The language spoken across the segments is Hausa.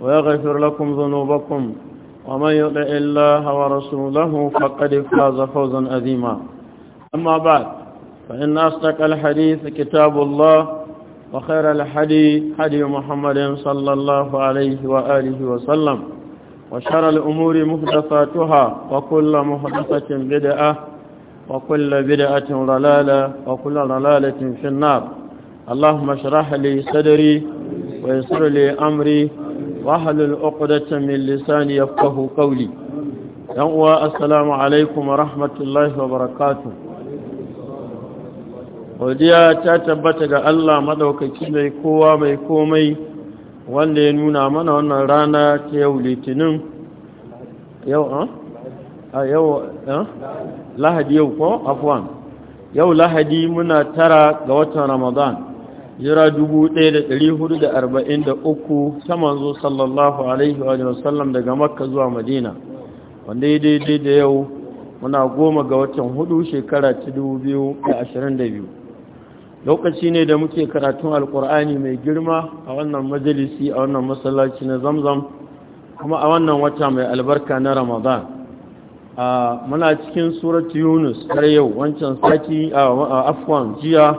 ويغفر لكم ذنوبكم ومن يطع الله ورسوله فقد فاز فوزا أذيما أما بعد فإن أصدق الحديث كتاب الله وخير الحديث حدي محمد صلى الله عليه وآله وسلم وشر الأمور محدثاتها وكل محدثة بدعة وكل بدعة ضلالة وكل ضلالة في النار اللهم اشرح لي صدري ويسر لي أمري wahalul uqdatan min lisani yafqahu qawli Yan uwa assalamu alaikum wa rahmatullahi wa barakatuh godiya ta tabbata ga Allah madaukaki mai kowa mai komai wanda ya nuna mana wannan rana ta yau litinin yau a yau lahadi yau ko afwan yau lahadi muna tara ga watan ramadan jira 1443 ta manzo sallallahu alaihi wa sallam daga makka zuwa madina wanda ya daidai da yau muna goma ga watan hudu shekara ta 2022 lokaci ne da muke karatun alkur'ani mai girma a wannan majalisi a wannan masallaci na zamzam kuma a wannan wata mai albarka na ramadan a muna cikin surat yunus har yau wancan sati a afwan jiya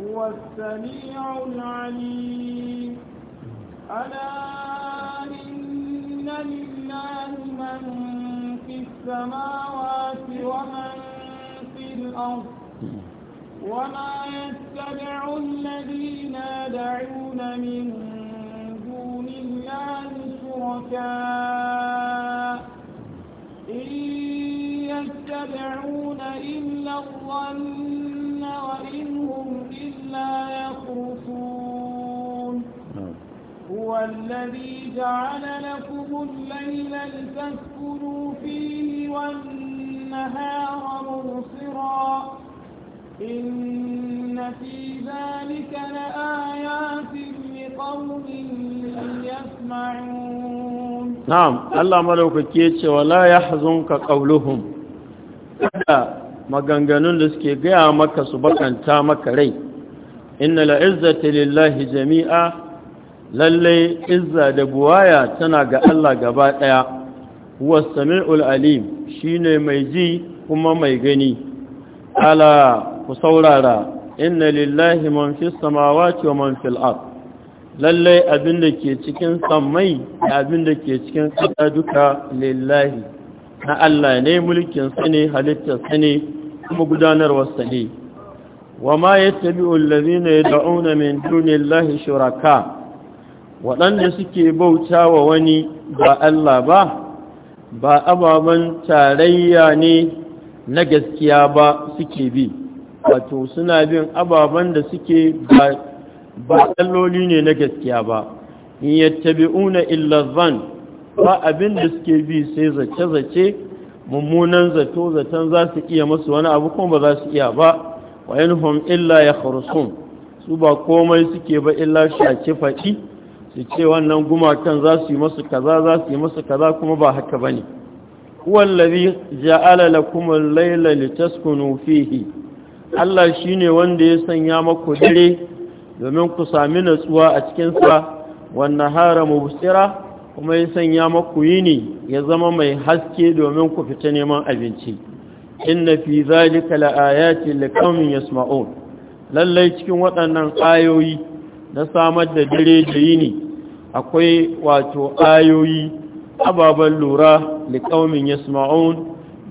هو السميع العليم ألا إن لله من في السماوات ومن في الأرض وما يتبع الذين يدعون من دون الله شركاء الذي جعل لكم الليل لتسكنوا فيه والنهار مبصرا إن في ذلك لآيات لقوم يسمعون نعم الله ملوك كيتش ولا يحزنك قولهم maganganun da suke gaya maka su bakanta maka rai inna la'izzati lillahi jami'a Lallai izza da buwaya tana ga Allah gaba ɗaya. huwa samiul shi shine mai ji kuma mai gani ala ku saurara inna lillahi man fi samawati wa man fil ard lalle abinda ke cikin sammai da abinda ke cikin ƙasa duka lillahi na Allah ne mulkin sa ne halittar sa ne kuma gudanarwar sa ne wa ma yattabi'u allazina yad'una min dunillahi shuraka waɗanda suke bauta wa wani ba Allah ba ba ababen tarayya ne na gaskiya ba suke bi wato suna bin ababen da suke ba alloli ne na gaskiya ba in yattabi'una illa illazan ba abin da suke bi sai zace-zace mummunan zato zaton za su iya masu wani abu kuma ba za su iya ba wa yanhum illa ya su ba komai suke ba illa shaki faɗi su ce wannan gumakan za su yi masu kaza za su yi masu kaza kuma ba haka ba bane wallazi ja'ala lakum al-layla litaskunu fihi Allah shine wanda ya sanya maku dare domin ku sami natsuwa a cikin sa wannan hara mubsira kuma ya sanya maku yini ya zama mai haske domin ku fita neman abinci inna fi zalika laayatin liqaumin yasma'un lallai cikin waɗannan ayoyi na samar da dare da yini akwai wato ayoyi ababen lura da ƙaumin yasma'un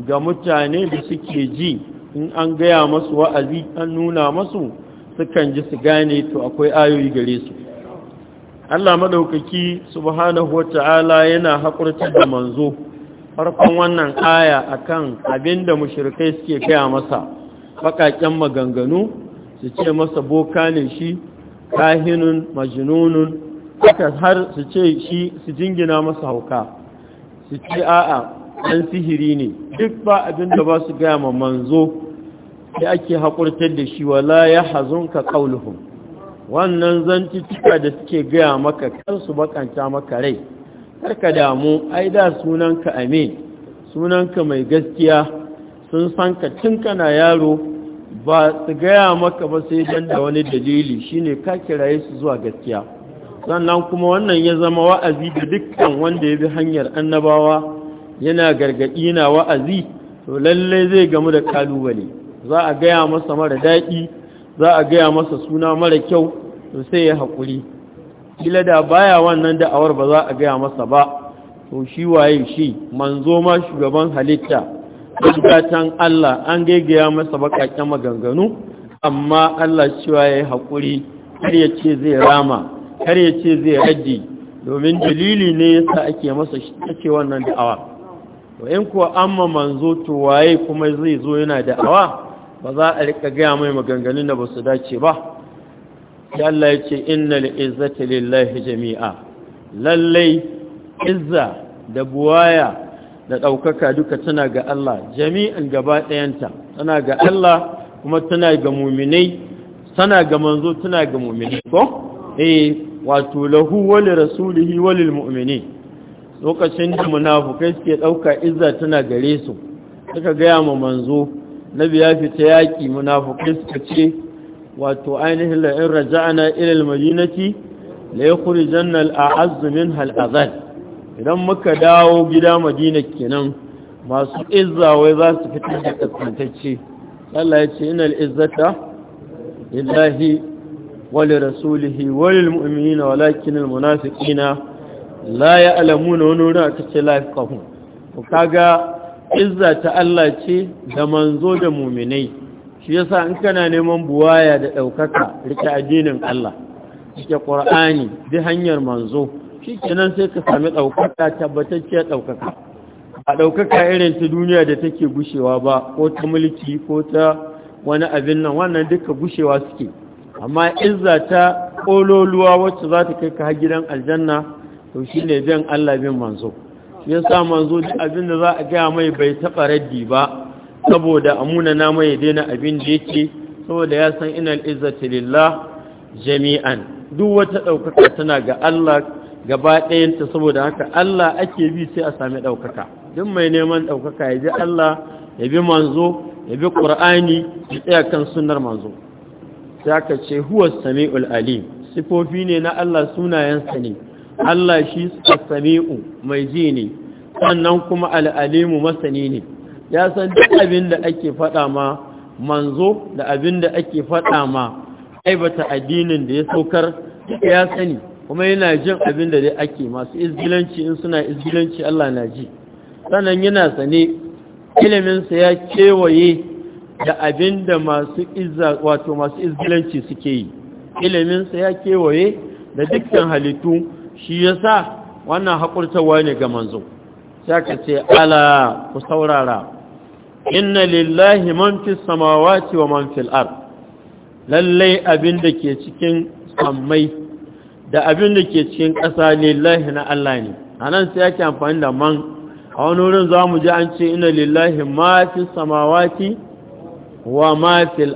ga mutane da suke ji in an gaya masu wa'azi an nuna masu sukan ji su gane to akwai ayoyi gare su Allah maɗaukaki subhanahu wata'ala yana haƙurta da manzo farkon wannan aya akan abinda mushrikai suke kaya masa baƙaƙen maganganu su ce masa boka ne shi kahinun majinunun. aka har su ce shi su jingina masa hauka su ce a'a ɗan sihiri ne duk ba abin da ba su gaya ma manzo da ake haƙurtar da shi wala ya hazon ka ƙaunuhun wannan cika da suke gaya maka kar su bakanta maka rai ka damu ai da sunanka amin sunanka mai gaskiya sun san ka tun kana yaro ba su gaya maka ba sai dan da wani dalili shine ka kiraye su zuwa gaskiya sannan kuma wannan ya zama wa'azi da dukkan wanda ya bi hanyar annabawa yana gargaɗi na wa'azi to lallai zai gamu da kalubale za a gaya masa mara daɗi za a gaya masa suna mara kyau to sai ya haƙuri Ila da baya wannan da'awar ba za a gaya masa ba to shi waye shi manzo ma shugaban halitta bukatan Allah an gaigaya masa bakakken maganganu amma Allah cewa ya haƙuri har ya ce zai rama kar ya ce zai rage domin dalili ne yasa ake masa take wannan da'awa to in kuwa amma manzo to waye kuma zai zo yana da'awa ba za a rika gaya mai maganganun da ba su dace ba sai Allah ya ce innal izzati lillahi jami'a lallai izza da buwaya da ɗaukaka duka tana ga Allah jami'an gaba ɗayanta tana ga Allah kuma tana ga muminai tana ga manzo tana ga muminai ko eh wato lahu wali rasulihi walil mu'mini lokacin da munafukai suke ɗauka izza tana gare su suka gaya ma manzo nabi ya fita yaƙi munafukai suka ce wato ainihin in raja'ana ilal madinati la yukhrijanna al minha idan muka dawo gida madina kenan masu izza wai za su fita da tsantacce. Allah ya ce inal izzata lillahi ولرسوله وللمؤمنين ولكن المنافقين لا يعلمون ونورا كتلا يفقهون وكاغا izza ta Allah ce da manzo da muminai shi yasa in kana neman buwaya da ɗaukaka rike addinin Allah rike ƙur'ani bi hanyar manzo kenan sai ka sami ɗaukaka tabbatacciyar ɗaukaka a ɗaukaka irin ta duniya da take bushewa ba ko ta mulki ko ta wani abin nan wannan duka bushewa suke amma izza ta ƙololuwa wacce za ta kai ka har gidan aljanna to shi ne bin Allah bin manzo shi ya sa manzo duk abin da za a gaya mai bai taɓa raddi ba saboda amuna na mai daina abin da yake saboda ya san inal ta lillah jami'an duk wata ɗaukaka tana ga Allah gaba ɗayanta saboda haka Allah ake bi sai a sami ɗaukaka duk mai neman ɗaukaka ya bi Allah ya bi manzo ya bi ƙur'ani ya tsaya kan sunnar manzo sai ce huwa sami'ul alim sifofi ne na Allah sunayensa ne Allah shi sami'u mai ji ne sannan kuma al'alimu masani ne ya san duk abin da ake fada ma manzo da abin da ake fada ma aibata addinin da ya saukar ya sani kuma yana jin abin da dai ake masu izgilanci in suna izgilanci Allah na ji sannan yana sane iliminsa ya kewaye da abin da masu izza wato masu izgilanci suke yi iliminsa ya kewaye da dukkan halittu shi ya sa wannan haƙurtawa ne ga manzo sai ka ce ala ku saurara inna lillahi man fi samawati wa man fil lallai abin da ke cikin sammai da abin da ke cikin ƙasa lillahi na Allah ne anan sai yake amfani da man a wani wurin za mu ji an ce inna lillahi ma fi samawati wa ma fil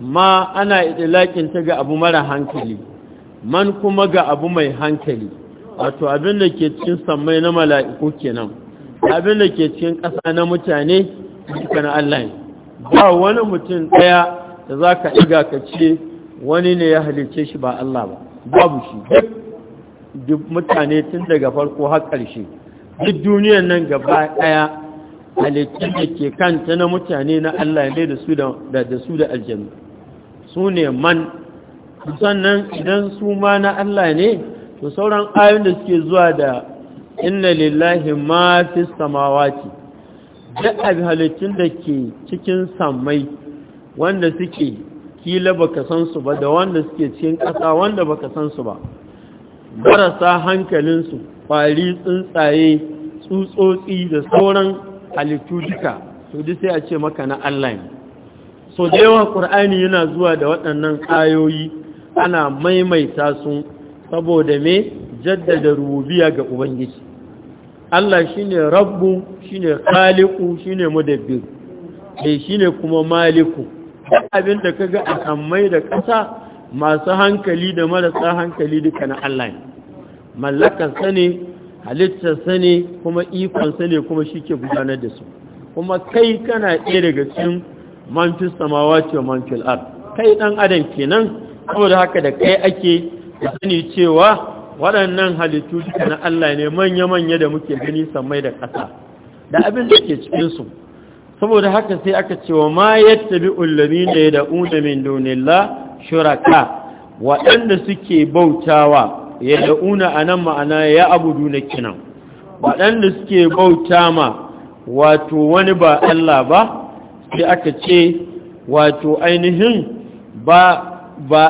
ma ana itilakin ta ga abu mara hankali man kuma ga abu mai hankali wato abin da ke cikin sammai na mala'iku kenan abin da ke cikin ƙasa na mutane duka na Allah ba wani mutum ɗaya da zaka ka ka ce wani ne ya halice shi ba Allah ba babu shi duk mutane tun daga farko har ƙarshe duk duniyar nan gaba ɗaya halittu da ke kanta na mutane na Allah ne da su da su da su ne man sannan idan su ma na Allah ne to sauran ayoyin da suke zuwa da inna lillahi ma fi samawati da abin halittun da ke cikin samai wanda suke kila baka san su ba da wanda suke cikin ƙasa wanda baka san su ba marasa hankalinsu ƙwari tsuntsaye tsutsotsi da sauran halittu duka to duk sai a ce maka na Allah ne so da yawa ƙur'ani yana zuwa da waɗannan ayoyi ana maimaita su saboda me jaddada rububiya ga ubangiji Allah shine rabbu shine khaliqu shine mudabbir shi eh, shine kuma maliku abin da kaga a sammai da ƙasa masu hankali da marasa hankali duka na Allah ne Mallakansa ne halittarsa ne kuma ikonsa ne kuma shi ke gudanar da su kuma kai kana ɗaya daga cikin manfis samawa ce wa manfil ar kai ɗan adam kenan saboda haka da kai ake sani cewa waɗannan halittu duka na Allah ne manya-manya da muke gani samai da ƙasa da abin da ke cikinsu saboda haka sai aka ce wa ma yadda bi ulami ne da min donilla shuraka waɗanda suke bautawa ya da'una a nan ma'ana ya abu na kinan waɗanda suke bauta ma wato wani ba Allah ba sai aka ce wato ainihin ba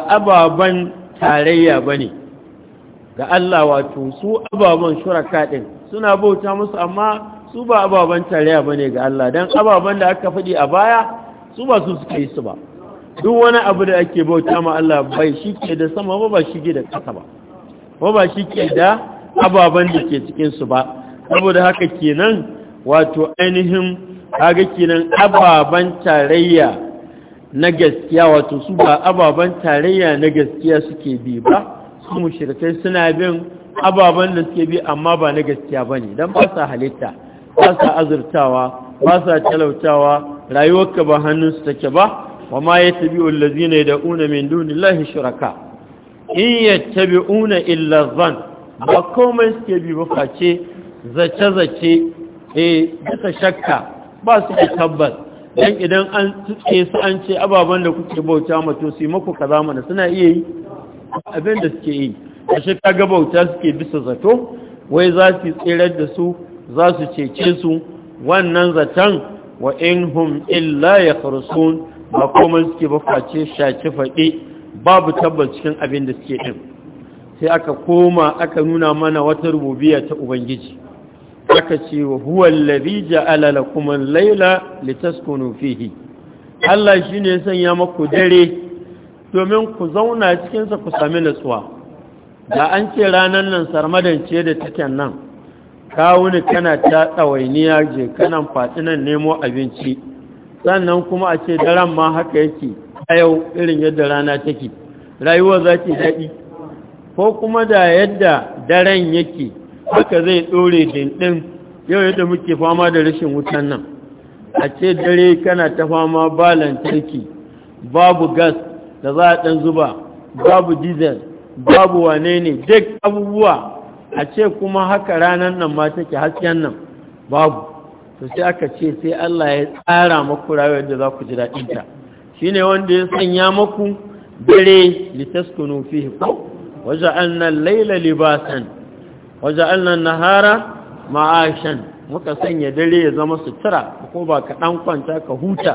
ababen tarayya ba ne ga Allah wato su ababen shuraka ɗin suna bauta musu amma su ba ababen tarayya ba ne ga Allah don ababen da aka faɗi a baya su ba su suka yi su ba duk wani abu da ake bauta ma Allah bai shi da sama ba ba shige da ƙasa ba ko ba shi ke da ababen da ke cikinsu ba saboda haka kenan wato ainihin haka kenan ababen tarayya na gaskiya wato su ba ababen tarayya na gaskiya suke bi ba su mushirkai suna bin ababen da suke bi amma ba na gaskiya ba ne don ba sa halitta ba sa azurtawa ba sa talautawa rayuwarka ba hannunsu take ba wa ma ya tabi ulazina da una min dunillahi shuraka in una illa zan ba komai suke bi ba face zace-zace e duka shakka ba su da tabbas dan idan an tuke su an ce ababen da kuke bauta mato su mako kaza mana suna iya yi abin da suke yi a shi ga bauta suke bisa zato wai za su tserar da su za su cece su wannan zaton wa in hum illa ya ba komai suke ba face shaki faɗi babu tabbas cikin abin da suke din sai aka koma aka nuna mana wata rububiyya ta ubangiji aka ce wa huwa allazi ja'ala lakum al-laila litaskunu fihi Allah shine ya sanya maku dare domin ku zauna cikin sa ku sami nutsuwa da an ce ranan nan sarmadan ce da take nan kawuni kana ta tsawainiya je kana fatinan nemo abinci sannan kuma a ce daren ma haka yake a yau irin yadda rana take rayuwar za ta daɗi ko kuma da yadda daren yake haka zai ɗore dindin yau yadda muke fama da rashin wutan nan a ce dare kana ta fama ba lantarki babu gas da za a ɗan zuba babu diesel babu wane ne duk abubuwa a ce kuma haka ranar nan ma take hasken nan babu to sai aka ce sai Allah ya tsara maku rayuwar da za ku ji daɗinta Shi ne wanda ya sanya maku dare litaskunu fihi ko waja'alna al-layla libasan waja'alna an-nahara ma'ashan muka sanya dare ya zama sutura ko ba ka dan kwanta ka huta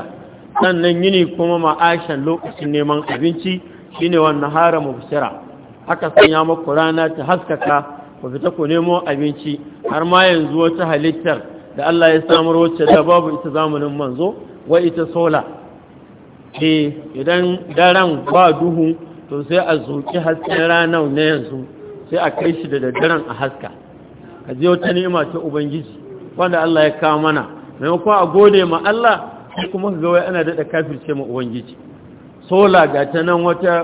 sannan yini kuma ma'ashan lokacin neman abinci shi shine wannan hara mubsira aka sanya maku rana ta haskaka ku fita ku nemo abinci har ma yanzu wata halittar da Allah ya samar wacce da babu ita zamanin manzo wa ita sola eh idan daren ba duhu to sai a zoki hasken ranar na yanzu sai a kai shi da daddaren a haska ka je wata ni'ima ta ubangiji wanda Allah ya kawo mana maimakon a gode ma Allah sai kuma ga wai ana daɗa kafirce ma ubangiji sola ga ta nan wata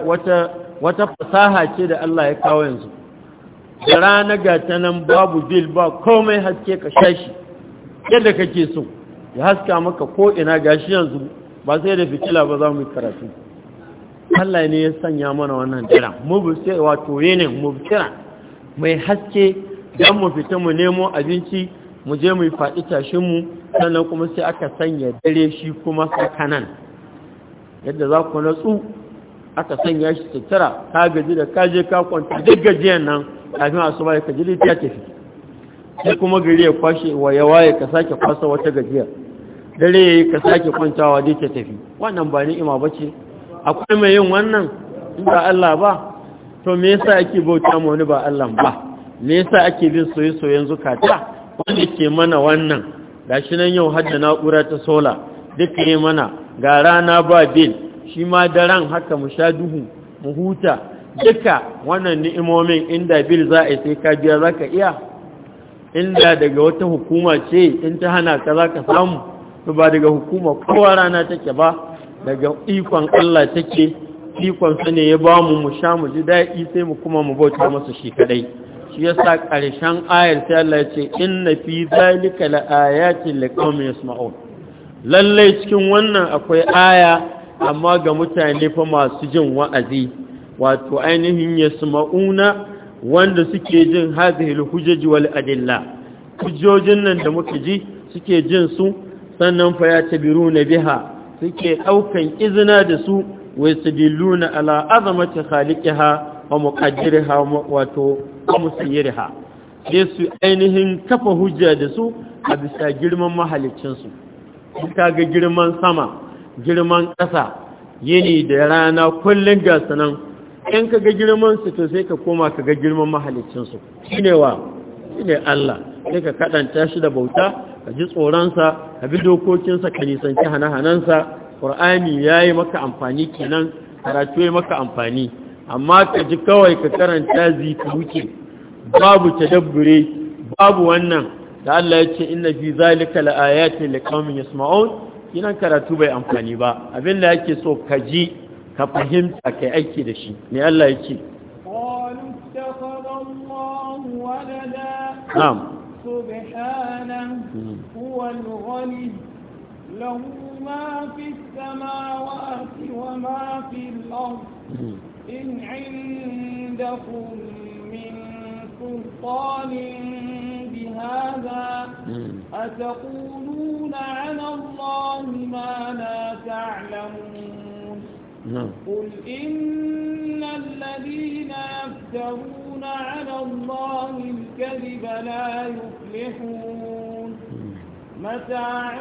wata fasaha ce da Allah ya kawo yanzu da rana ga ta nan babu bil ba komai haske ka shashi yadda kake so ya haska maka ko ina gashi yanzu ba sai da fitila ba za mu yi karatu Allah ne ya sanya mana wannan dira mubsir wato yene mubsira mai haske dan mu fita mu nemo abinci mu je mu yi faɗi tashin mu sannan kuma sai aka sanya dare shi kuma sakanan yadda za ku natsu aka sanya shi tattara ka gaji da ka je ka kwanta duk gajiyan nan kafin asuba ka ji ta tafi sai kuma gari ya kwashe wa ya waye ka sake kwasa wata gajiyar dare ka sake kwantawa dai ka tafi wannan ba ni'ima bace akwai mai yin wannan ba Allah ba to me yasa ake bauta ma wani ba Allah ba me yasa ake bin soyayyen zukata wanda ke mana wannan gashi nan yau har hadda na'ura ta sola duka yi mana ga rana ba bil shi ma daren haka mu sha duhu mu huta duka wannan ni'imomin inda bil za a yi sai ka biya za ka iya inda daga wata hukuma ce in ta hana ka za ka samu to ba daga hukuma kowa rana take ba daga ikon Allah take ikon sa ne ya ba mu mu sha mu ji daɗi sai mu kuma mu bauta masa shi kadai shi yasa ƙarshen ayar sai Allah ya ce inna fi zalika laayatin liqaumin yasma'un lallai cikin wannan akwai aya amma ga mutane fa masu jin wa'azi wato ainihin yasma'una wanda suke jin hadhihi al-hujaj wal adilla hujjojin nan da muke ji suke jin su sannan fa ya tabiru na biha suke ɗaukan izina da su wai su dillu na ala azamata ha wa ha wato wa ha, sai su ainihin kafa hujja da su a bisa girman mahalicinsu ka ga girman sama girman ƙasa yini da rana kullum gasa nan in ka ga girman su to sai ka koma ka ga girman mahalicinsu shi ne wa shi ne Allah sai ka kaɗanta shi da bauta ka ji tsoronsa ka bi dokokinsa ka nisanci hana-hanansa ƙur'ani ya yi maka amfani kenan karatu ya yi maka amfani amma ka ji kawai ka karanta zika wuce babu dabbure babu wannan da Allah ya ce ina fi zalika laayatin liqaumin yasma'un kinan karatu bai amfani ba abin da yake so ka ji ka fahimta kai aiki da shi ne Allah ya ce نعم سبحانه هو الغني له ما في السماوات وما في الأرض إن عندكم من سلطان بهذا أتقولون على الله ما لا تعلمون نعم. قل إن الذين يفترون على الله الكذب لا يفلحون متاع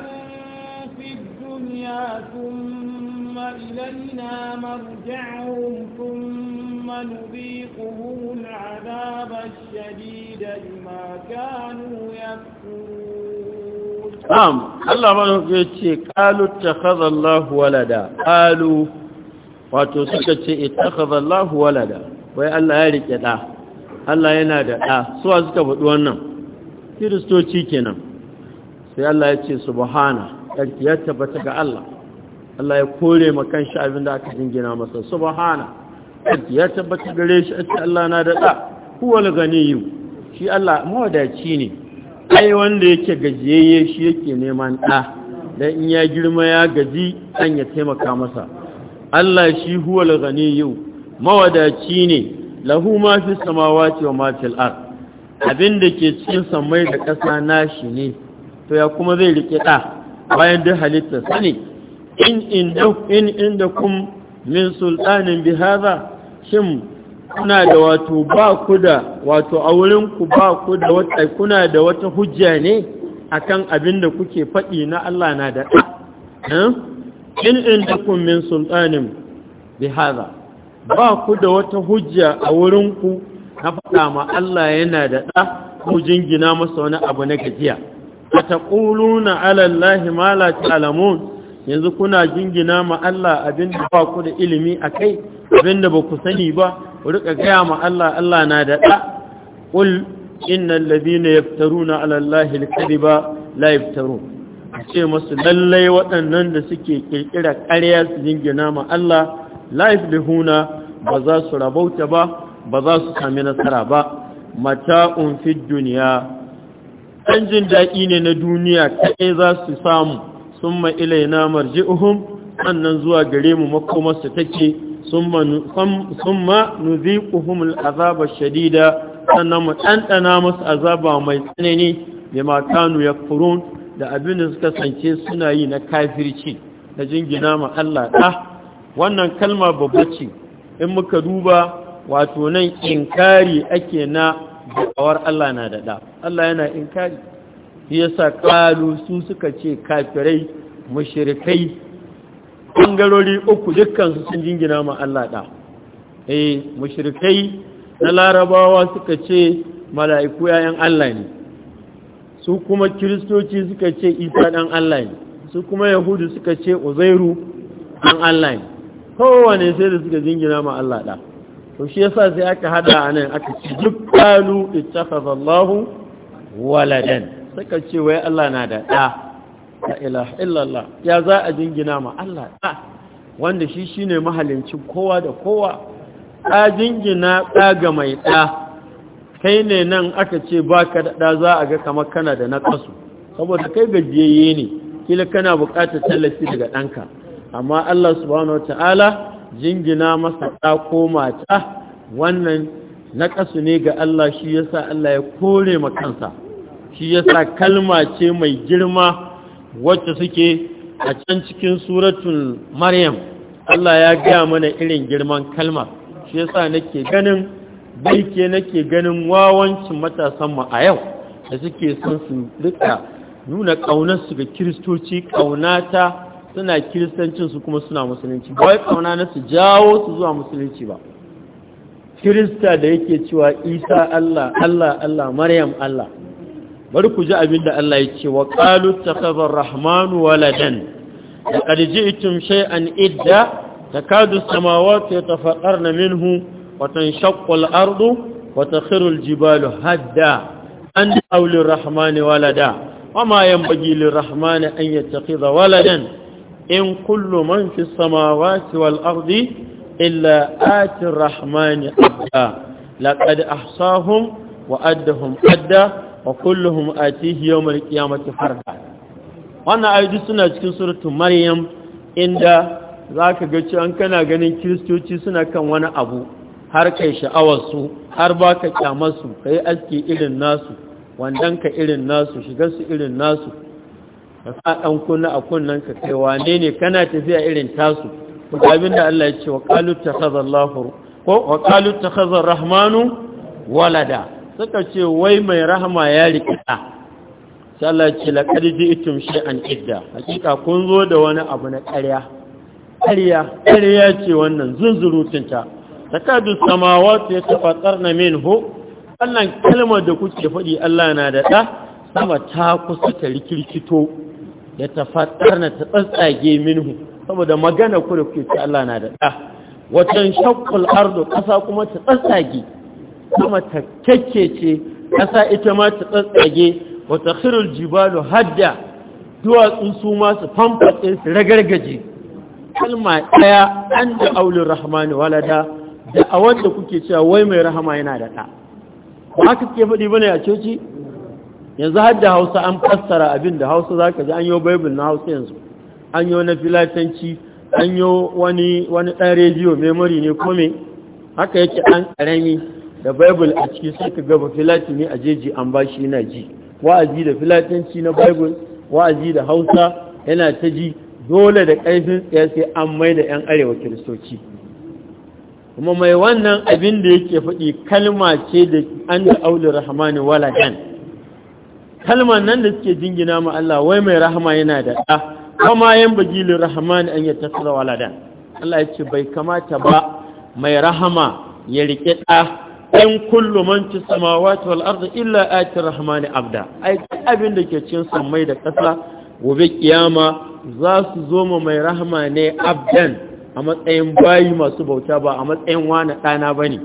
في الدنيا ثم إلينا مرجعهم ثم نذيقهم العذاب الشديد بما كانوا يفكرون نعم الله ما يقول قالوا اتخذ الله ولدا قالوا wato suka اتخذ الله ولدا walada wai Allah Allah yana da ɗa suwa suka faɗi wannan kiristoci kenan sai Allah ya ce subhana ƙarfi ya tabbata ga Allah Allah ya kore makan shi abin da aka jingina masa subhana ƙarfi ya tabbata gare shi ake Allah na da ɗa gani yi shi Allah mawadaci ne ai wanda yake gajiyayye shi yake neman ɗa dan in ya girma ya gaji an ya taimaka masa Allah shi huwal ganiyu mawadaci ne lahu ma fi samawati wa ma fil ard abin da ke cikin samai da ƙasa nashi ne to ya kuma zai rike da bayan da halitta sani in inda in inda kum min sultanin bi hada shin kuna da wato ba ku da wato a wurin ku ba ku da wata kuna da wata hujja ne akan abin da kuke faɗi na Allah na da eh? in inda kum min sultanin bi hada ba ku da wata hujja a wurinku na faɗa ma Allah yana da ɗa ko jingina masa wani abu na gajiya a ta ƙuluna alallahi mala ta'alamun yanzu kuna jingina ma Allah abin da ba ku da ilimi a kai abin da ba ku sani ba ku riƙa gaya ma Allah Allah na da ɗa ƙul innan na ya fitaru na alallahi alkari ba la ya ce masu lallai waɗannan da suke ƙirƙira ƙarya su jingina ma Allah Laif da huna, ba za su rabauta ba ba za su sami nasara ba mata'un fi duniya. dan jin daɗi ne na duniya kai za su samu Sun summa ilaina marji'uhum annan zuwa gare mu makomarsu take summa nuziquhum al'azabar shadida sannan mu ɗanɗana masu azaba mai tsanani bima ya furun da abin da suka sance suna yi na kafirci da jingina ma Allah ɗa wannan kalma babba ce in muka duba wato nan inkari ake na da'awar Allah na da Allah yana inkari shi yasa kalu su suka ce kafirai mushrikai bangarori uku dukkan su sun jingina ma Allah da eh mushrikai na larabawa suka ce mala'iku yayan Allah ne su kuma kiristoci suka ce isa dan Allah ne su kuma yahudu suka ce uzairu dan Allah ne kowane sai da suka jingina ma Allah ɗa to shi yasa sai aka hada nan aka ci? duk qalu ittakhadha Allahu waladan Saka ce wai Allah na da ɗa. la ilaha illallah ya za a jingina ma Allah ɗa wanda shi shine mahalincin kowa da kowa a jingina ga mai ɗa. kai ne nan aka ce baka da ɗa za a ga kamar kana da naƙasu? saboda kai gajiyayye ne kila kana buƙatar tallafi daga ɗanka amma Allah subhanahu wataala jingina masa ta ko mata wannan nakasu ne ga Allah shi yasa Allah ya kore ma kansa shi yasa kalma ce mai girma wacce suke a can cikin suratun maryam Allah ya gaya mana irin girman kalma shi yasa nake ganin baike nake ganin wawancin matasan mu a yau da suke son su rika nuna ƙaunarsu ga kiristoci ƙaunata suna Kiristancinsu su kuma suna musulunci ba wai kauna na su jawo su zuwa musulunci ba kirista da yake cewa isa allah allah allah maryam allah bari ku ji abin da allah ya ce wa qalu takhadha rahmanu waladan laqad ji'tum shay'an idda takadu as-samawati yatafaqqarna minhu wa tanshaqqu al-ardu wata takhiru jibalu hadda an awli rahmani walada وما ينبغي للرحمن أن يتخذ waladan in kullu man fi samawati wal ardi illa ati rahmani abda laqad ahsahum wa addahum adda wa kulluhum atihi yawmal qiyamati farda wannan ayoyi suna cikin suratul maryam inda zaka ga cewa kana ganin kristoci suna kan wani abu har kai sha'awarsu har baka ka kyamarsu ka yi aski irin nasu ka irin nasu su irin nasu ka sa ɗan kunna a kunnan ka kai wane ne kana tafiya irin tasu abin da Allah ya ce wa qalu takhazallahu ko wa qalu takhazar rahmanu walada suka ce wai mai rahama ya rikita ta. Allah ya ce laqad ji'tum shay'an idda hakika kun zo da wani abu na ƙarya ƙarya ƙarya ce wannan zunzurutunta takadu samawati min ho? wannan kalmar da kuke faɗi Allah na da ɗa sama ta kusa ta rikirkito ya tafattar na ta tsatsage minhu saboda magana ku da kuke Allah na da da wajen shakkul ardu kasa kuma ta tsatsage kuma ta kyakkece kasa ita ma ta tsatsage wata takhirul jibalu hadda duwatsun su ma su famfatse su ragargaje kalma ɗaya an da aulin rahmani walada da a wanda kuke cewa wai mai rahama yana da da ba haka ke faɗi bane a coci yanzu har da hausa an fassara abin da hausa za ka ji an yi bible na hausa yanzu an yi na filatanci an yi wani ɗan rediyo memori ne kome haka yake an ƙarami da baibul a ciki sai ka gaba ne a jeji an ba shi yana ji wa'azi da filatanci na baibul wa'azi da hausa yana ta ji dole da ƙarfin tsaye sai an mai da 'yan arewa kiristoci kuma mai wannan abin da yake faɗi kalma ce da an da aulur rahmani waladan kalmar nan da suke jingina ma Allah wai mai rahama yana da ɗa kama yan bagilin rahman an yi tasira waladan Allah ya ce bai kamata ba mai rahama ya riƙe ɗa ɗan kullu man samawa, samawati wal illa illa rahama rahmani abda aiki abin da ke cin sammai da ƙasa gobe kiyama za su zo ma mai rahama ne abdan a matsayin bayi masu bauta ba a matsayin wani ɗana bane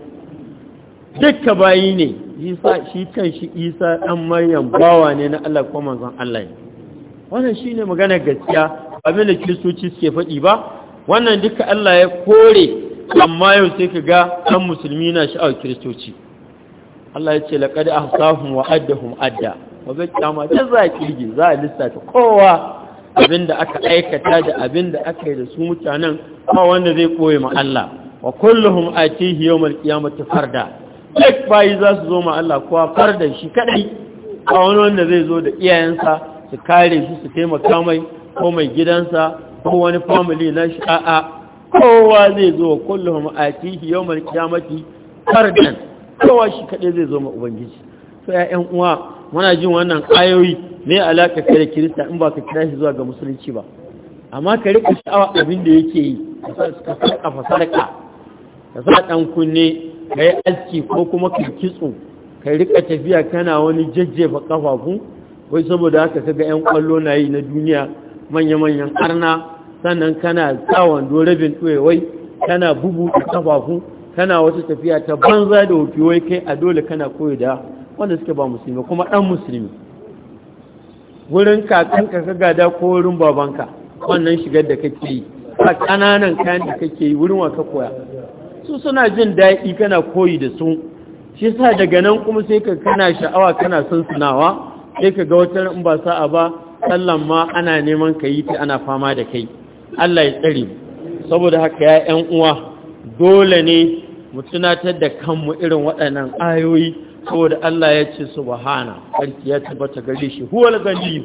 dukka bayi ne isa shi kan shi isa ɗan maryam bawa ne na Allah kuma manzon Allah ne wannan shine maganar gaskiya abin da kiristoci suke faɗi ba wannan duka Allah ya kore amma yau sai ka ga ɗan musulmi na sha'awar kiristoci Allah ya ce laqad ahsahum wa addahum adda wa zakka kama da za kirgi za a lissafa kowa abinda aka aikata da abinda aka yi da su mutanen ba wanda zai koye ma Allah wa kulluhum atihi yawmal qiyamati farda duk bayi za su zo ma Allah kowa far da shi kaɗai, a wani wanda zai zo da iyayensa su kare shi su taimaka mai ko mai gidansa ko wani family na shi a'a kowa zai zo kullum atihi yawmal qiyamati fardan kowa shi kadai zai zo ma ubangiji to ya'yan uwa muna jin wannan ayoyi me alaka kai da kirista in ba ka kira shi zuwa ga musulunci ba amma ka rika sha'awa abin da yake yi ka sa ka fasarka ka sa dan kunne ka yi aski ko kuma ka kitso ka rika tafiya kana wani jajjefa kafafu wai saboda haka ka ga yan kwallo na yi na duniya manya-manyan arna sannan kana tsawon wando rabin tsoyewai kana bugu da kafafu kana wata tafiya ta banza da wafiwai kai a dole kana koyo da wanda suke ba musulmi kuma ɗan musulmi wurin kakanka ka gada ko wurin babanka wannan shigar da kake yi a ƙananan kayan da kake yi wurin wa ka koya su suna jin daɗi kana koyi da su shi sa daga nan kuma sai ka kana sha'awa kana sunawa sai ka ga wata in ba sa'a ba sallan ma ana neman ka yi ta ana fama da kai Allah ya tsare saboda haka ya ƴan uwa dole ne mu tunatar da kanmu irin waɗannan ayoyi saboda Allah ya ce subhana sarki ya tabbata gare shi huwal gani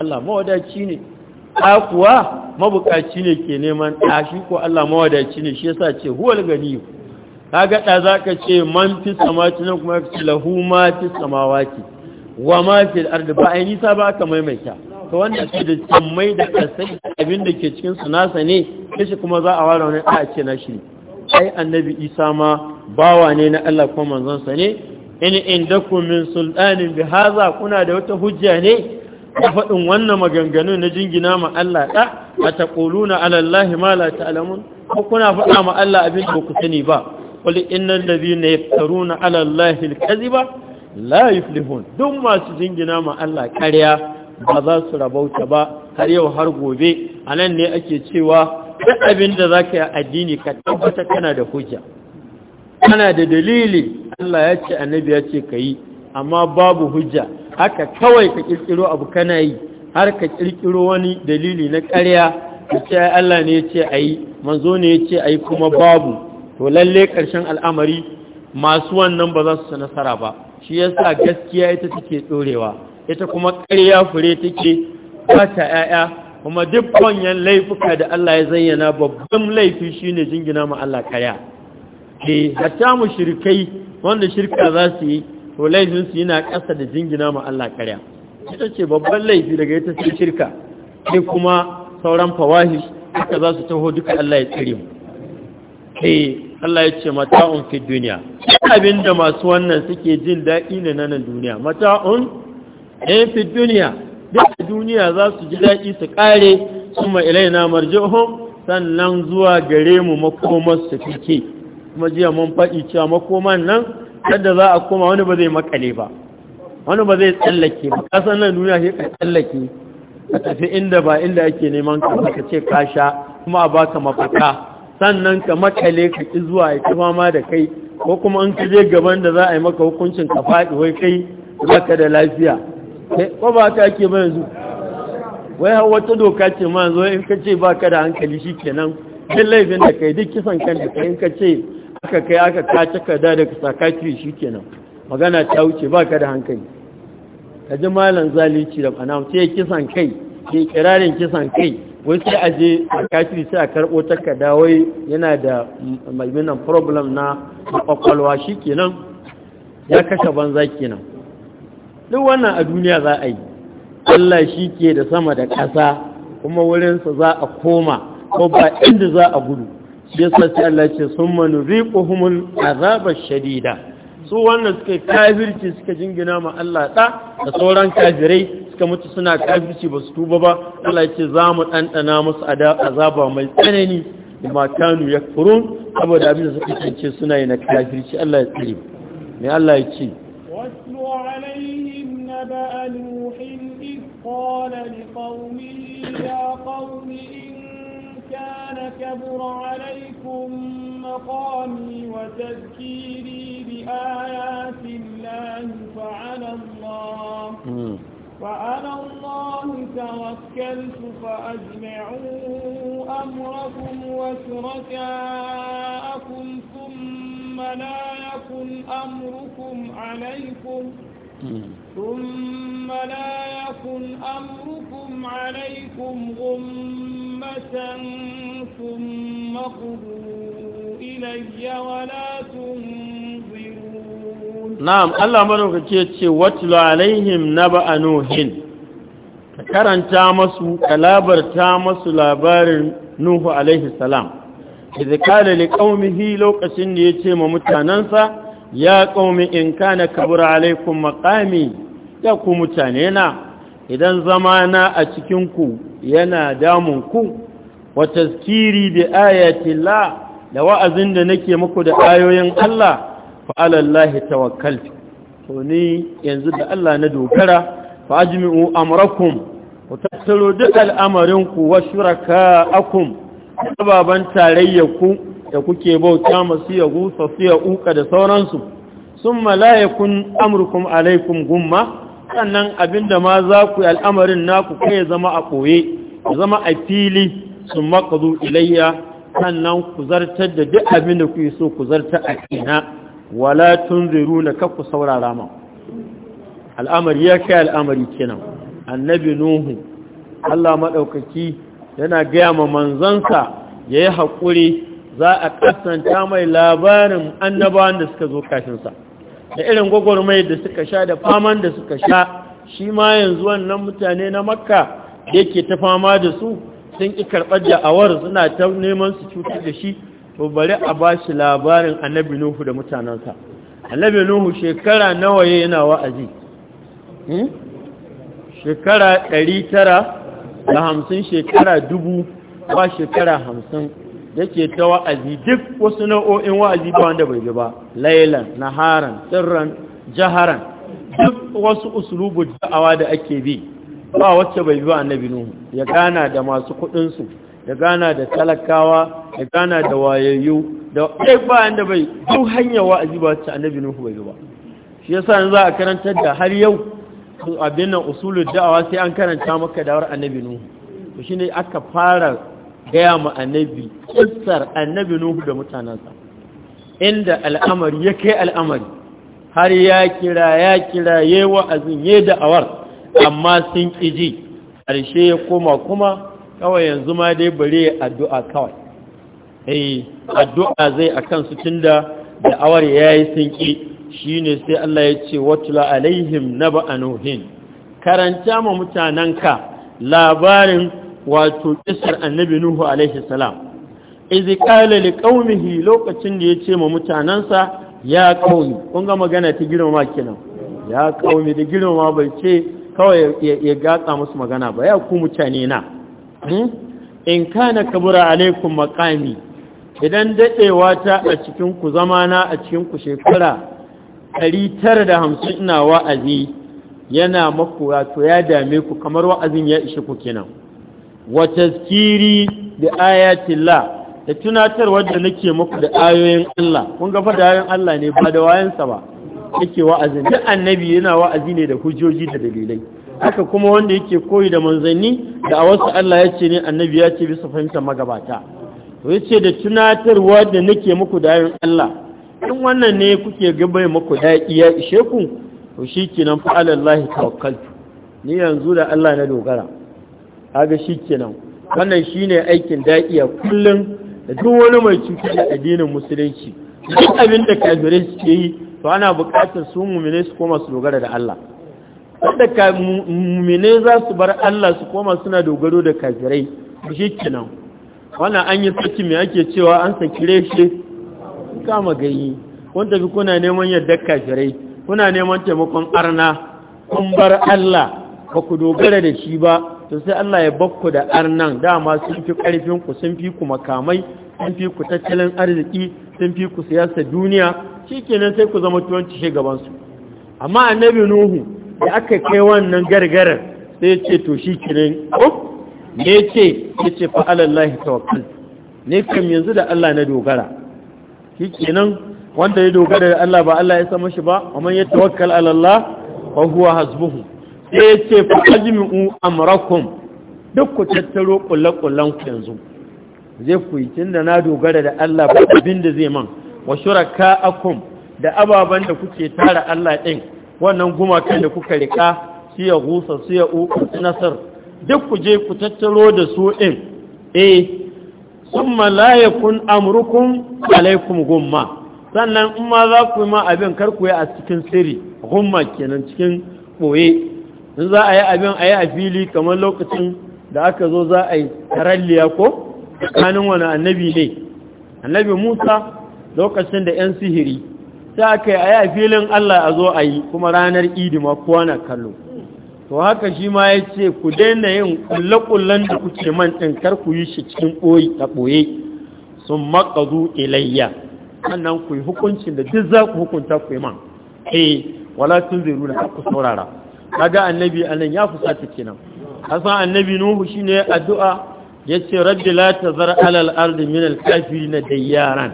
Allah mawadaci ne ɗa kuwa mabukaci ne ke neman ɗa ko Allah mawadaci ne shi yasa ce huwal gani ka ga ɗa za ka ce man fi samawati nan kuma fi lahu ma fi samawati wa ma fi ardi ba a nisa ba aka maimaita to wanda ke da tammai da ƙasai abin da ke cikin su nasa ne kashi kuma za a ware wani ɗa ce na shi ai annabi isa ma bawa ne na Allah kuma manzansa ne in indakum min sultanin bihaza kuna da wata hujja ne da faɗin wannan maganganu na jingina ma Allah ɗa a taƙuluna alallahi ma la ko kuna faɗa ma Allah abin da ku sani ba qul innal ladhina yaftaruna alallahi alkaziba la yuflihun duk masu jingina ma Allah ƙarya ba za su rabauta ba har yau har gobe A nan ne ake cewa duk abin da zaka yi addini ka tabbata kana da hujja kana da dalili Allah ya ce annabi ya ce yi, amma babu hujja haka kawai ka kirkiro abu kana yi har ka kirkiro wani dalili na ƙarya ka ce Allah ne ya ce a yi manzo ne ya ce a yi kuma babu to lalle ƙarshen al'amari masu wannan ba za su nasara ba shi yasa gaskiya ita take ɗorewa ita kuma ƙarya fure take ta ‘ya'ya kuma duk banyan laifuka da Allah ya zayyana babban laifi shine jingina ma Allah ƙarya. Eh, hatta mushrikai wanda shirka za su yi to laifinsu yana ƙasa da jingina ma Allah ƙarya ita ce babban laifi daga ita sai shirka sai kuma sauran fawahi aka za su taho duka Allah ya tsire mu eh Allah ya ce mata'un fi duniya abinda masu wannan suke jin daɗi ne na nan duniya mata'un eh fi duniya duk duniya za su ji daɗi su kare, kuma ilaina marji'uhum sannan zuwa gare mu makomar su fike kuma jiya mun faɗi cewa makoman nan yadda za a koma wani ba zai makale ba wani ba zai tsallake ba kasan nan duniya shi ka tsallake ka tafi inda ba inda ake neman ka ka ce ka sha kuma a baka mafaka sannan ka makale ka ki zuwa ya ci fama da kai ko kuma an kaje gaban da za a yi maka hukuncin ka faɗi wai kai baka da lafiya eh, ko ba ka ake ba yanzu wai har wata doka ce ma yanzu in ka ce baka da hankali shi kenan duk laifin da kai duk kisan kan da kai in ka ce aka kai aka kace ka da daga sakaci shi kenan magana ta wuce baka da hankali ka ji malam zalici da ana sai kisan kai ke kirarin kisan kai wai sai a je sakatiri sai a karɓo takarda wai yana da malminan problem na kwakwalwa shi ya kashe banza kenan duk wannan a duniya za a yi Allah shi ke da sama da ƙasa kuma wurinsa za a koma ko ba inda za a gudu shi yasa sai Allah ce summa nuriquhumul azaba shadida su wannan suka kafirci suka jingina ma Allah ɗa da sauran kafirai suka mutu suna kafirci ba su tuba ba Allah ya ce za mu ɗanɗana musu azaba mai tsanani da makanu ya kurun saboda abin da suka kance suna yi na kafirci Allah ya tsiri mai Allah ya ce wasu alaihim na ba'aluhin ikkola da ƙaunin ya ƙaunin أنا كبر عليكم مقامي وتذكيري بآيات الله فعلى الله فعلى الله توكلت فأجمعوا أمركم وشركاءكم ثم لا يكن أمركم عليكم ثم لا يكن أمركم عليكم غمّا أمة ثم قضوا إلي ولا تنظرون نعم الله مرحبا كيتشي واتل عليهم نبأ نوحين karanta masu kalabarta masu labarin Nuhu alaihi salam idza qala liqaumihi lokacin da yace ma mutanansa ya qaumi in kana kabura alaikum maqami ya ku idan zamana a cikinku yana damunku wa taskiri da ayatillah da wa'azin da nake muku da ayoyin Allah fa ta tawakkaltu to ni yanzu da Allah na dogara fa ajmi'u amrakum ku tattaro duk al'amarinku wa shurakaakum sababan tarayyaku da kuke bauta masu ya gusa ya uka da sauransu summa la yakun amrukum alaikum gumma sannan abinda ma za ku yi al'amarin naku kai zama a ɓoye zama a fili su makazu ilayya sannan ku zartar da duk abin da ku yi so ku zartar a ina wala tun zuru na kakku saurara ma al'amari ya kai al'amari kenan annabi nuhu allah maɗaukaki yana gaya ma manzansa ya yi haƙuri za a kasanta mai labarin annabawan da suka zo kashinsa da irin gwagwarmai da suka sha da faman da suka sha shi ma yanzu wannan mutane na makka da yake ta fama da su sun ƙi karɓar da awar suna ta neman su cutar da shi to bari a ba shi labarin annabi nuhu da mutanensa annabi nuhu shekara nawa ya yana wa'azi hmm? shekara ɗari tara da shekara dubu ba shekara hamsin yake ta wa'azi duk wasu nau'o'in wa'azi ba wanda bai ba lailan naharan sirran jaharan duk wasu usulubu da'awa da ake bi ba wacce bai bi annabi nuhu ya gana da masu kudinsu, ya gana da talakawa ya gana da wayayyu da ɗai ba wanda bai duk hanyar wa'azi ba wacce annabi nuhu bai ba shi yasa yanzu za a karantar da har yau abin nan usulun da'awa sai an karanta maka dawar annabi nuhu to ne aka fara gaya ma annabi kissar annabi nuhu da mutanensa inda al'amari ya kai al'amari har ya kira ya kira ya yi wa'azin ya da'awar amma sun ƙiji ƙarshe ya koma kuma kawai yanzu ma dai bare addu'a kawai eh addu'a zai akan su tunda da'awar ya yi sun ƙi shi ne sai Allah ya ce watula alaihim naba anuhin karanta ma mutananka labarin wato kisar annabi nuhu alaihi salam izi qala liqaumihi lokacin da yace ma mutanansa ya qaumi kun ga magana ta girma kenan ya qaumi da girma bai ce kawai ya gatsa musu magana ba ya ku mutane na hmm? in kana kabura alaikum maqami idan dadewa ta a cikin ku zamana a cikin ku shekara 950 ina wa'azi yana maku wato ya dame ku kamar wa'azin ya ishe ku kenan wa tazkiri bi ayatillah da tunatar wanda nake muku da ayoyin Allah kun ga da ayoyin Allah ne ba da wayansa ba yake wa'azi duk annabi yana wa'azi ne da hujjoji da dalilai haka kuma wanda yake koyi da manzanni da a wasu Allah ya ce ne annabi ya ce bisa fahimta magabata to yace da tunatarwa da nake muku da ayoyin Allah in wannan ne kuke gaba muku da ya ishe ku to shikenan fa alallahi tawakkaltu ni yanzu da Allah na dogara kaga shikinan wannan shine aikin da'iya kullum da duk wani mai cuta da addinin musulunci duk abin da kafirai suke yi to ana buƙatar su mumine su koma su dogara da Allah wanda ka mumine za su bar Allah su koma suna dogaro da kafirai kenan wannan an yi saki me ake cewa an saki reshe kama gayi kun tafi kuna neman yadda kafirai kuna neman taimakon arna kun bar Allah ba ku dogara da shi ba to sai Allah ya bakku da arnan dama sun fi karfin ku sun fi ku makamai sun fi ku tattalin arziki sun fi ku siyasa duniya kenan sai ku zama tuwanci shugaban su amma annabi nuhu da aka kai wannan gargarar sai ya ce to shikenan ko oh, ne ce ya ce fa alallahi tawakkal ne kam yanzu da Allah na dogara kenan wanda ya dogara da Allah ba Allah ya san mashi ba amma ya tawakkal alallah wa huwa hasbuhu sai ya ce fa ajmi'u amrakum duk ku tattaro kullakullan ku yanzu zai ku yi tunda na dogara da Allah ba abin da zai man wa shuraka'akum da ababan da kuke tara Allah din wannan gumakan da kuka rika su ya gusa su ya uku nasar duk ku je ku tattaro da su din eh summa la yakun amrukum alaikum gumma sannan in ma za ku yi ma abin kar ku yi a cikin sirri gumma kenan cikin ɓoye in za a yi abin a yi a fili kamar lokacin da aka zo za a yi taralliya ko tsakanin wani annabi ne annabi musa lokacin da 'yan sihiri sai aka yi a yi a filin allah a zo a yi kuma ranar idi ma na kallo to haka shi ma ya ce ku daina yin kullakullan kullen da kuke man ɗin kar ku yi shi cikin ɓoye ta ɓoye sun makazu ilayya sannan ku yi hukuncin da duk za ku hukunta ku yi man eh wala tun zai runa ku saurara kaga annabi anan ya fusata kenan asan annabi nuhu shine addu'a yace rabbi la tazar alal ardi min al kafirin dayyaran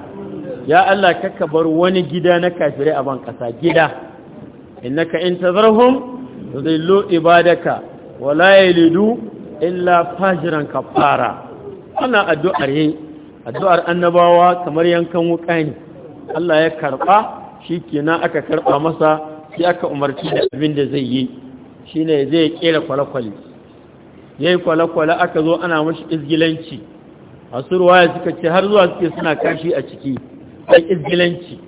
ya Allah kaka bar wani gida na kafirai a ban kasa gida innaka in tazarhum yudillu ibadaka wala yalidu illa fajiran kafara ana addu'ar yi addu'ar annabawa kamar yankan wuka ne Allah ya karba shikenan aka karba masa sai aka umarci da abin da zai yi ne zai kera kwalakwale kwale-kwale aka zo ana mashi izgilanci A surwa ya suka ce har zuwa suke suna kashi a ciki sai izgilanci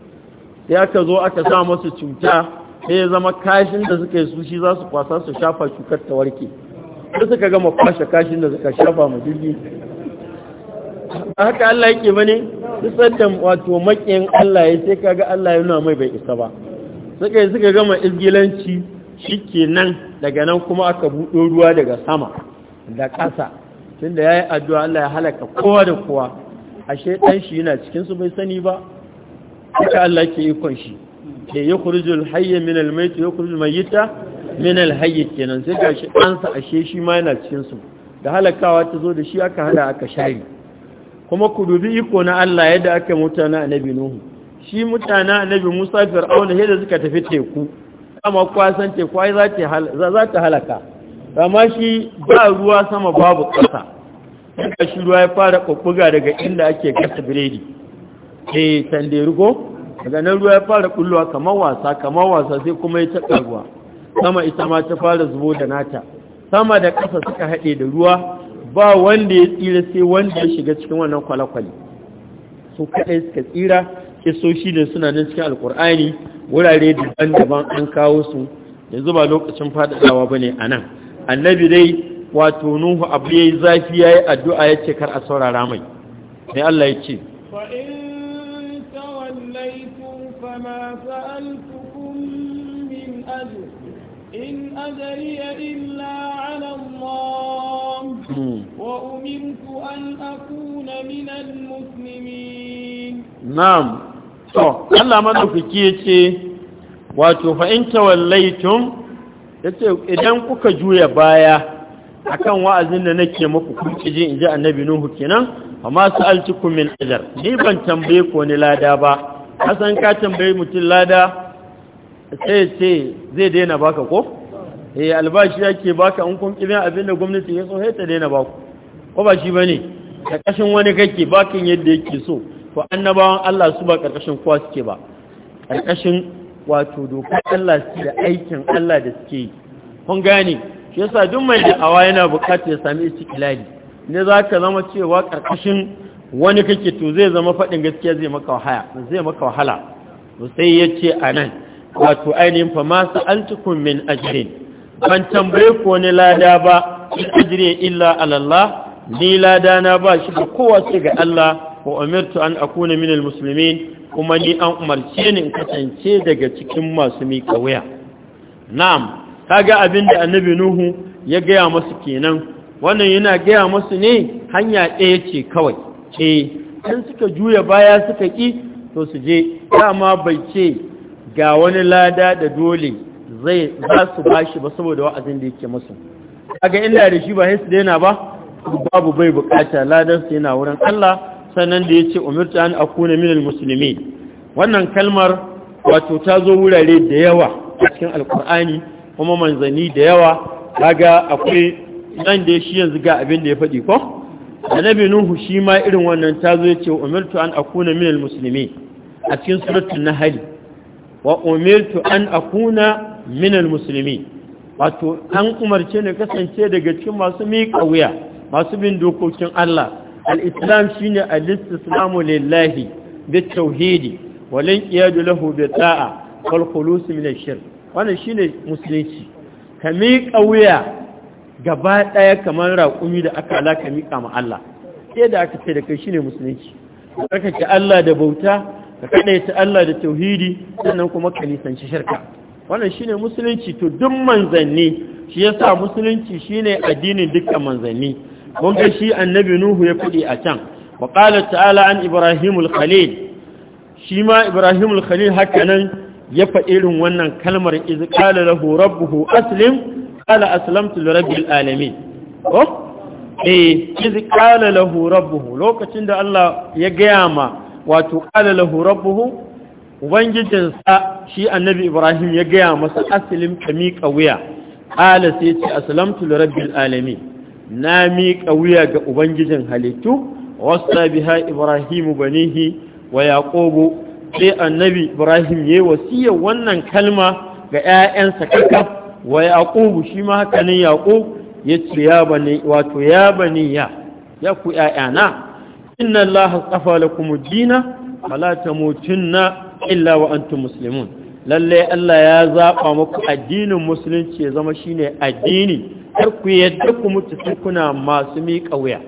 sai aka zo aka sa masu cuta sai ya zama kashin da suka yi sushi za su kwasa su shafa cutar ta warke sai suka gama kwashe kashin da suka shafa ma jirgi A haka Allah yake bane kusan da wato makin Allah ya sai kaga Allah ya nuna mai bai isa ba suka yi suka gama izgilanci nan daga nan kuma aka buɗo ruwa daga sama da ƙasa tunda yi addu'a Allah ya halaka kowa da kowa ashe dan shi yana cikinsu bai sani ba haka Allah ke ikon shi ke yukhrijul hayya min al-mayyit yukhrijul mayyita min al-hayy kenan sai ga an sa ashe shi ma yana cikinsu. da halakawa ta zo da shi aka hada aka shari kuma ku dubi iko na Allah yadda aka mutana annabi Nuhu shi mutana annabi Musa Fir'auna yadda suka tafi teku sama kwa san ce kwai za ta halaka amma shi ba ruwa sama babu ƙasa yanka shi ruwa ya fara ƙwaƙɓuga daga inda ake gasa biredi e eh, tanderu rugo, daga nan ruwa ya fara ƙulluwa kamar wasa kamar wasa sai kuma ya taɓa ruwa sama ita ma ta fara zubo da nata sama da ƙasa suka haɗe da ruwa ba wanda ya tsira sai wanda ya shiga cikin wannan kwalakwali su kaɗai suka tsira kisoshi da suna nan cikin alkur'ani wurare daban-daban an kawo su yanzu ba lokacin faɗaɗawa ba ne a nan annabi dai wato nuhu abu ya yi zafi ya yi addu'a ya ce kar a saurara mai mai Allah ya ce hmm. Na’am, to Allah madafiki yace wato fa in tawallaitum yace idan kuka juya baya akan wa'azin da nake muku kun kije inji annabi nuhu kenan amma sa'altukum min ajr ni ban tambaye ko ni lada ba hasan ka tambaye mutum lada sai ce zai daina baka ko eh albashi yake baka in kun kibin abin da gwamnati ya so sai ta daina baku ko ba shi bane kashin wani kake bakin yadda yake so to annabawan Allah su ba ƙarƙashin kowa suke ba ƙarƙashin wato dokar Allah su da aikin Allah da suke yi kun gane shi yasa duk mai da'awa yana buƙatar ya sami istiqlali ne za ka zama cewa ƙarƙashin wani kake to zai zama faɗin gaskiya zai maka wahala zai maka wahala to sai ya ce a nan wato ainihin fa ma sa'altukum min ajrin ban tambaye ku wani lada ba in ajri illa ala Allah ni lada na ba shi ga kowa sai ga Allah wa umirtu an akuna minal muslimin kuma ni an umarce ni in kasance daga cikin masu miƙa wuya na'am kaga abin da annabi nuhu ya gaya masu kenan wannan yana gaya masu ne hanya ɗaya ce kawai ce eh, in suka juya baya suka ƙi to su je dama bai ce ga wani lada da dole zai za su bashi ba saboda wa'azin da yake masu kaga inda da shi ba sai da daina ba babu bai bukata ladan yana wurin Allah sannan da yace umirta an akuna minal musulmi wannan kalmar wato ta zo wurare da yawa a cikin alkur'ani kuma manzani da yawa kaga akwai nan da shi yanzu ga abin da ya faɗi ko annabi nuhu shi ma irin wannan ta zo ce umirtu an akuna minal musulmi a cikin suratul nahl wa umirtu an akuna minal musulmi wato an umarce ne kasance daga cikin masu miƙa wuya masu bin dokokin Allah al-islam shine al-istislamu lillahi bit-tauhidi wal inqiyadu lahu bit-ta'a wal khulus min ash musulunci ka miƙa wuya gaba ɗaya kamar raƙumi da aka alaka miƙa ma Allah sai da aka ce da kai ne musulunci ka Allah da bauta ka kaɗaita Allah da tauhidi sannan kuma ka nisanci shirka wannan ne musulunci to duk manzanni shi yasa musulunci shine addinin dukkan manzanni mun ga shi annabi nuhu ya kudi a can wa qala ta'ala an ibrahim al-khalil shi ma ibrahim al-khalil haka nan ya faɗi irin wannan kalmar iz qala lahu rabbuhu aslim qala aslamtu li rabbil alamin oh eh iz qala lahu rabbuhu lokacin da Allah ya gaya ma wato qala lahu rabbuhu ubangijinsa shi annabi ibrahim ya gaya masa aslim ka miƙa wuya qala sai ce aslamtu li rabbil alamin na miƙa wuya ga ubangijin halittu wasa biha ibrahimu banihi wa yaqubu sai annabi ibrahim yayi wasiya wannan kalma ga 'ya'yansa kaka wa yaqubu shi ma haka ne yaqub yace ya bani wato ya bani ya ya ku ƴaƴana inna allaha tsafa lakum ad-dina fala tamutunna illa wa antum muslimun lalle Allah ya zaɓa muku addinin musulunci ya zama shine addini Karku ku yadda ku mutu sai kuna masu miƙa wuya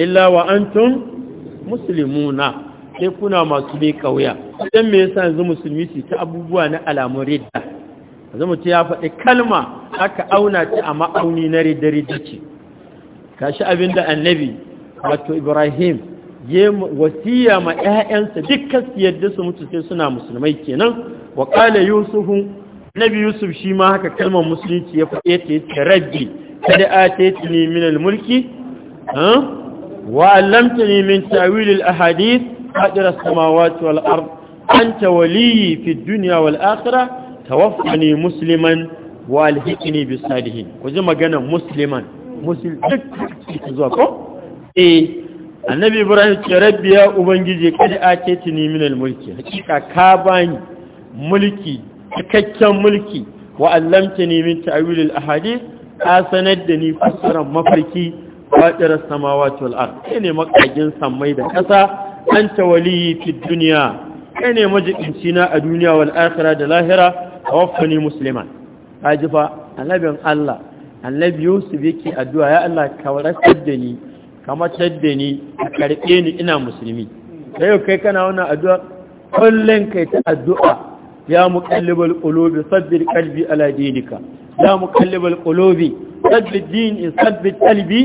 illa wa tun musulmuna. sai kuna masu miƙa wuya dan me yasa yanzu musulmi su ta abubuwa na alamun ridda yanzu mutu ya faɗi kalma aka auna ta a ma'auni na ridda ridda ce kashi abin da annabi wato ibrahim ya wasiya ma 'ya'yansa dukkan su yadda su mutu sai suna musulmai kenan wa ƙala yusufu nabi yusuf shi ma haka kalmar musulunci ya faɗe ta yace rabbi kada ne min al-mulki wa ne min ta'wil al-ahadith qadra as-samawati ard anta waliyyi fi ad-dunya wal akhirah tawaffani musliman wa ne bis salihin ku ji magana musliman musul duk zuwa ko eh annabi ibrahim ce rabbi ya ubangiji kada ataytini min mulki hakika ka bani mulki cikakken mulki wa allamtani min ta'wil al-ahadith ka sanar da ni fassarar mafarki fadirar samawati wal ard kai ne makagin sammai da kasa anta waliyi fi dunya kai ne majibinci na a duniya wal akhirah da lahira tawaffani musliman kaji fa annabin Allah annabi Yusuf yake addu'a ya Allah ka warkar da ni ka matar da ni ka karbe ni ina musulmi sai kai kana wannan addu'a kullun kai ta addu'a ya muqallibal qulubi sabbir qalbi ala dinika ya muqallibal qulubi sabbit din sabbit qalbi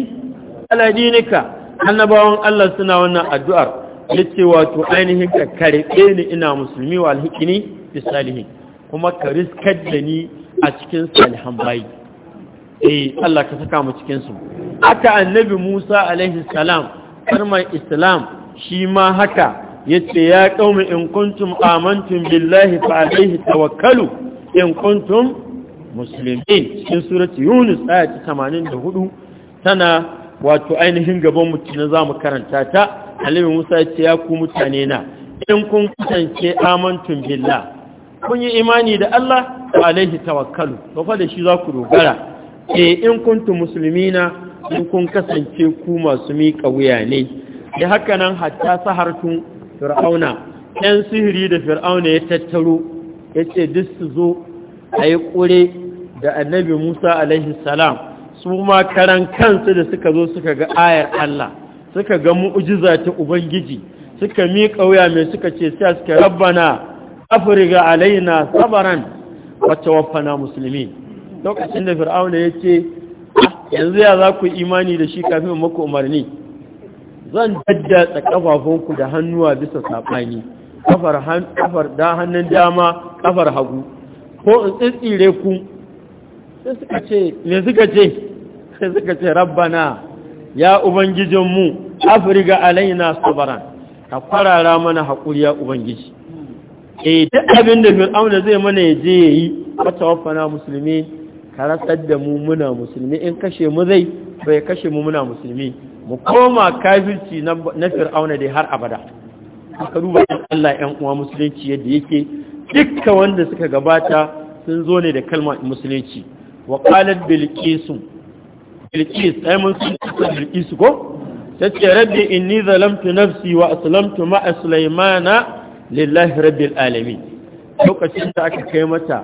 ala dinika annabawan Allah suna wannan addu'ar yace wato ainihin ka karbe ni ina musulmi wal hikini bisalihin kuma ka riskar da ni a cikin salihan bayi eh Allah ka saka mu cikin su haka annabi Musa alaihi salam karmar islam shi ma haka yace ya kauma in kuntum amantum billahi fa alayhi tawakkalu in kuntum muslimin cikin surati yunus aya 84 tana wato ainihin gaban mutune zamu karanta ta alimi Musa yace ya ku mutane na in kun kasance amantum billah kun yi imani da Allah fa alayhi tawakkalu to fa da shi za ku dogara eh in kuntum muslimina in kun kasance ku masu miƙa wuya ne da haka nan hatta sahartun fir'auna ɗan sihiri da fir'auna ya tattaro ya ce duk su zo a yi ƙure da annabi musa alaihi salam su ma karan kansu da suka zo suka ga ayar allah suka ga mu'ujiza ta ubangiji suka miƙa wuya mai suka ce sai suka rabbana afirga alaina sabaran wacce wafana musulmi lokacin da fir'auna ya ce ah, yanzu ya za ku imani da shi kafin maku umarni zan daddatsa ƙafafunku da hannuwa bisa saɓani kafar da hannun dama ƙafar hagu ko in tsitsire ku sai suka ce me suka ce sai suka ce rabbana ya ubangijinmu afirga alaina sabaran ka kwarara mana haƙuri ya ubangiji e duk abin da fir'auna zai mana ya je yayi wata wafana musulmi ka da mu muna musulmi in kashe mu zai bai kashe mu muna musulmi mu koma kafirci na fir'auna dai har abada aka duba Allah ɗan uwa musulunci yadda yake dukkan wanda suka gabata sun zo ne da kalmar musulunci wa qalat bilqis bilqis ai mun sun ta bilqis ko tace rabbi inni zalamtu nafsi wa aslamtu ma sulaimana lillahi rabbil alamin lokacin da aka kai mata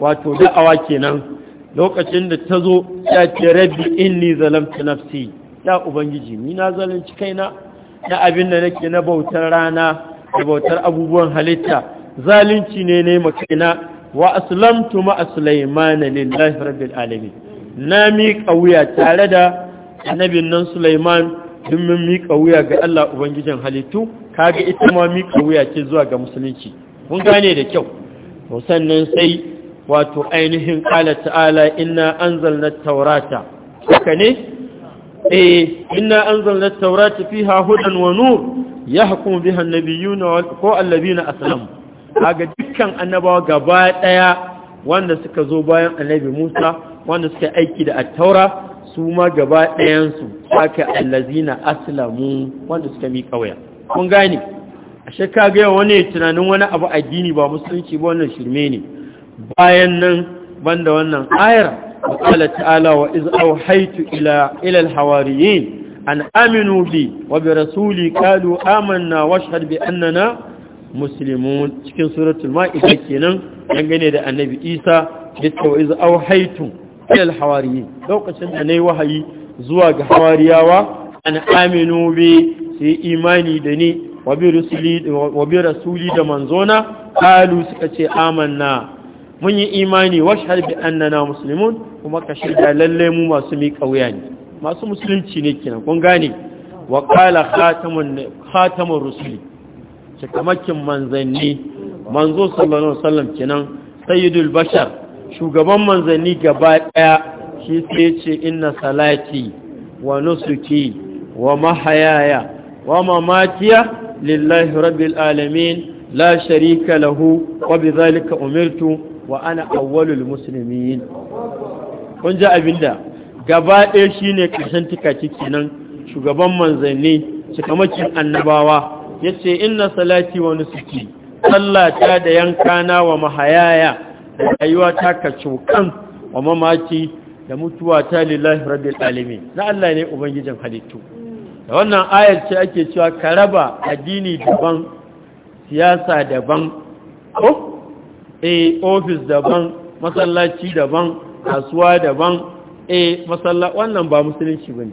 wato da'awa kenan lokacin da ta zo ya ce rabbi inni zalamtu nafsi ya ubangiji ni na zalunci kaina na abin da nake na bautar rana da bautar abubuwan halitta zalunci ne ne makaina wa aslamtu ma sulaiman lillahi rabbil alamin na miƙa wuya tare da annabin nan sulaiman dun mun miƙa wuya ga Allah ubangijin halittu kaga ita ma miƙa wuya ce zuwa ga musulunci mun gane da kyau to sannan sai wato ainihin ƙala ta'ala inna anzalna taurata haka ne eh inna anzalna taurata fiha hudan wa nur yahkumu biha an-nabiyuna ko allabina aslamu kaga dukkan annabawa gaba daya wanda suka zo bayan annabi Musa wanda suka aiki da at-taura su ma gaba ɗayan su haka na aslamu wanda suka mi kawaya kun gane ashe kaga wani tunanin wani abu addini ba musulunci ba wannan shirme ne bayan nan banda wannan ayar وقال تعالى وإذ أوحيت إلى, إلى الحواريين أن آمنوا بي وبرسولي قالوا آمنا واشهد بأننا مسلمون cikin suratul maida kenan dangane da annabi Isa yace wa iz auhaytu ilal hawariyin lokacin da nayi wahayi zuwa ga hawariyawa an aminu bi sai imani da ni wa bi wa bi rasuli da manzona qalu suka ce amanna mun yi imani washhad bi annana muslimun kuma ka shirya lalle mu masu mi kauya ne masu musulunci ne kenan kun gane wa qala khatamun khatamur rusuli cikamakin manzanni manzo sallallahu alaihi wasallam sayyidul bashar shugaban manzanni gaba daya shi sai ce inna salati wa nusuki wa mahayaya wa mamatiya lillahi rabbil alamin la sharika lahu wa bidhalika umirtu wa ana awwalul muslimin kun ji abinda gaba ɗaya shine ƙarshen tikaki kenan shugaban manzanni cikamakin annabawa yace inna salati wa nusuki ta da yankana wa mahayaya da ta ka cokan wa mamaci da mutuwa ta lillahi rabbil alamin na Allah ne ubangijin halittu da wannan ayar ce ake cewa ka raba addini daban siyasa daban ko eh ofis daban masallaci daban kasuwa daban eh masalla wannan ba musulunci bane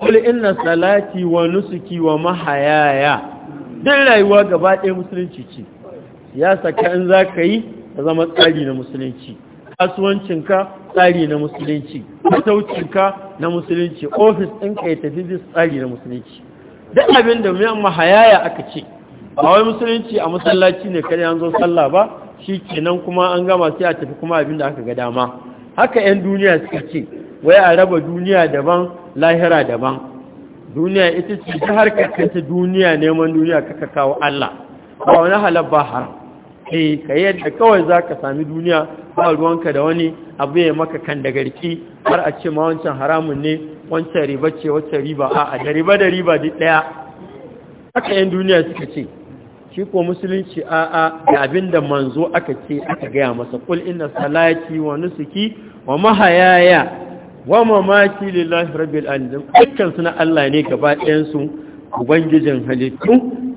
kul inna salati wa nusuki wa mahayaya din rayuwa gaba ɗaya musulunci ce ya saka in zaka yi ka zama tsari na musulunci kasuwancinka tsari na musulunci mataucinka na musulunci ofis ɗinka ya tafi tsari na musulunci duk abin da mai mahayaya aka ce ba wai musulunci a masallaci ne kare an zo sallah ba shi kenan kuma an gama sai a tafi kuma abin da aka ga dama haka 'yan duniya suka ce wai a raba duniya daban lahira daban duniya ita ce ta harkar kanta duniya neman duniya kaka kawo Allah ba wani halar ba haram eh ka yadda kawai za ka sami duniya ba ruwanka da wani abu ya maka kan da garki har a ce ma wancan haramun ne wancan riba ce wancan riba a da riba da riba duk ɗaya haka 'yan duniya suka ce shi ko musulunci a'a da abin da manzo aka ce aka gaya masa kul inna salati wa nusuki wa mahayaya wa mamaki lillahi rabbil alamin dukkan suna Allah ne gaba ɗayan su ubangijin halittu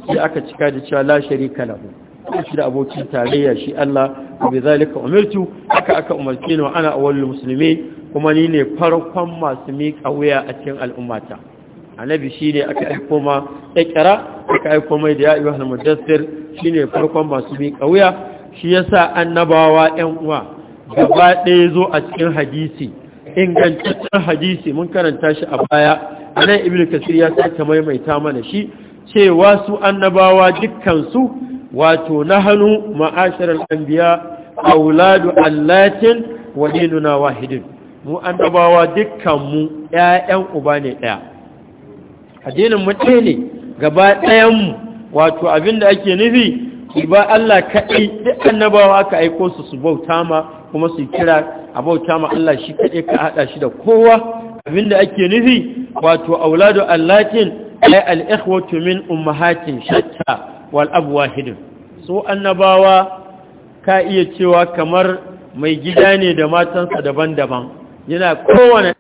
sai aka cika da cewa la sharika lahu shi da abokin tarayya shi Allah bi zalika umirtu aka aka umarce ni wa ana awwalul muslimin kuma ni ne farkon masu miƙa wuya a cikin al'ummata annabi shine aka aiko ma kira aka aiko mai da ya ayyuhal mudassir shine farkon masu bi kauya shi yasa annabawa ɗan uwa gaba ɗaya zo a cikin hadisi ingantaccen hadisi mun karanta shi a baya anan ibnu kasir ya sake maimaita mana shi cewa su annabawa dukkan su wato nahanu ma'asharal anbiya auladu allatin wa dinuna wahidin mu annabawa dukkan mu ƴaƴan uba ne ɗaya addinin mu ɗaya ne gaba ɗayanmu wato abin da ake nufi ba Allah kaɗai duk annabawa aka aiko su su bauta ma kuma su kira a bauta ma Allah shi kaɗai ka haɗa shi da kowa Abin da ake nufi wato auladu allatin ay al-ikhwatu min ummahatin shatta wal ab wahid so annabawa ka iya cewa kamar mai gida ne da matansa daban-daban yana kowane